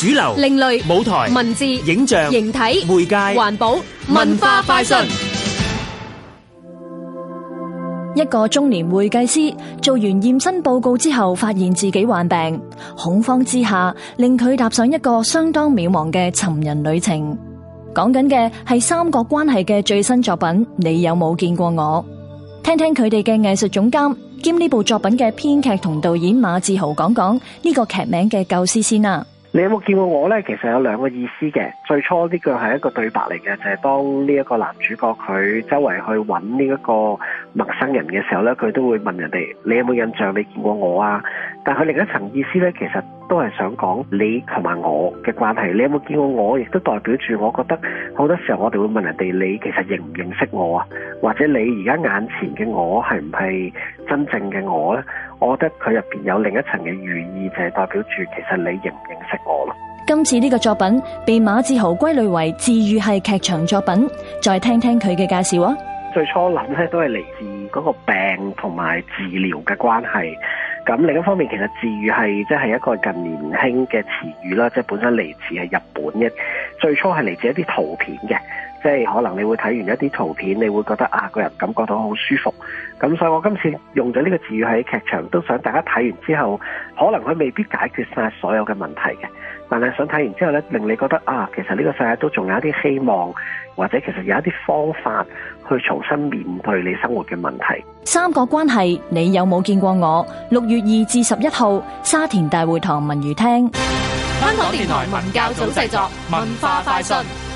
主流、另類、舞台、文字、影像、形體、媒介、環保、文化、快訊。一個中年會計師做完驗身報告之後，發現自己患病，恐慌之下令佢踏上一個相當渺茫嘅尋人旅程。講緊嘅係三角關係嘅最新作品。你有冇見過我？聽聽佢哋嘅藝術總監兼呢部作品嘅編劇同導演馬志豪講講呢個劇名嘅構思先啊！你有冇見過我呢？其實有兩個意思嘅。最初呢個係一個對白嚟嘅，就係當呢一個男主角佢周圍去揾呢一個陌生人嘅時候呢，佢都會問人哋：你有冇印象你見過我啊？但係佢另一層意思呢，其實都係想講你同埋我嘅關係。你有冇見過我，亦都代表住我覺得好多時候我哋會問人哋：你其實認唔認識我啊？或者你而家眼前嘅我係唔係真正嘅我呢？我覺得佢入邊有另一層嘅寓意，就係代表住其實你認唔認識我咯。今次呢個作品被馬志豪歸類為治癒系劇場作品，再聽聽佢嘅介紹啊。最初諗咧都係嚟自嗰個病同埋治療嘅關係。咁另一方面，其實治癒系即係一個近年興嘅詞語啦，即係本身嚟自係日本嘅，最初係嚟自一啲圖片嘅。即係可能你會睇完一啲圖片，你會覺得啊個人感覺到好舒服，咁所以我今次用咗呢個詞語喺劇場，都想大家睇完之後，可能佢未必解決晒所有嘅問題嘅，但係想睇完之後咧，令你覺得啊其實呢個世界都仲有一啲希望，或者其實有一啲方法去重新面對你生活嘅問題。三角關係，你有冇見過我？六月二至十一號，沙田大會堂文娛廳，香港電台文教組，組製作文化快訊。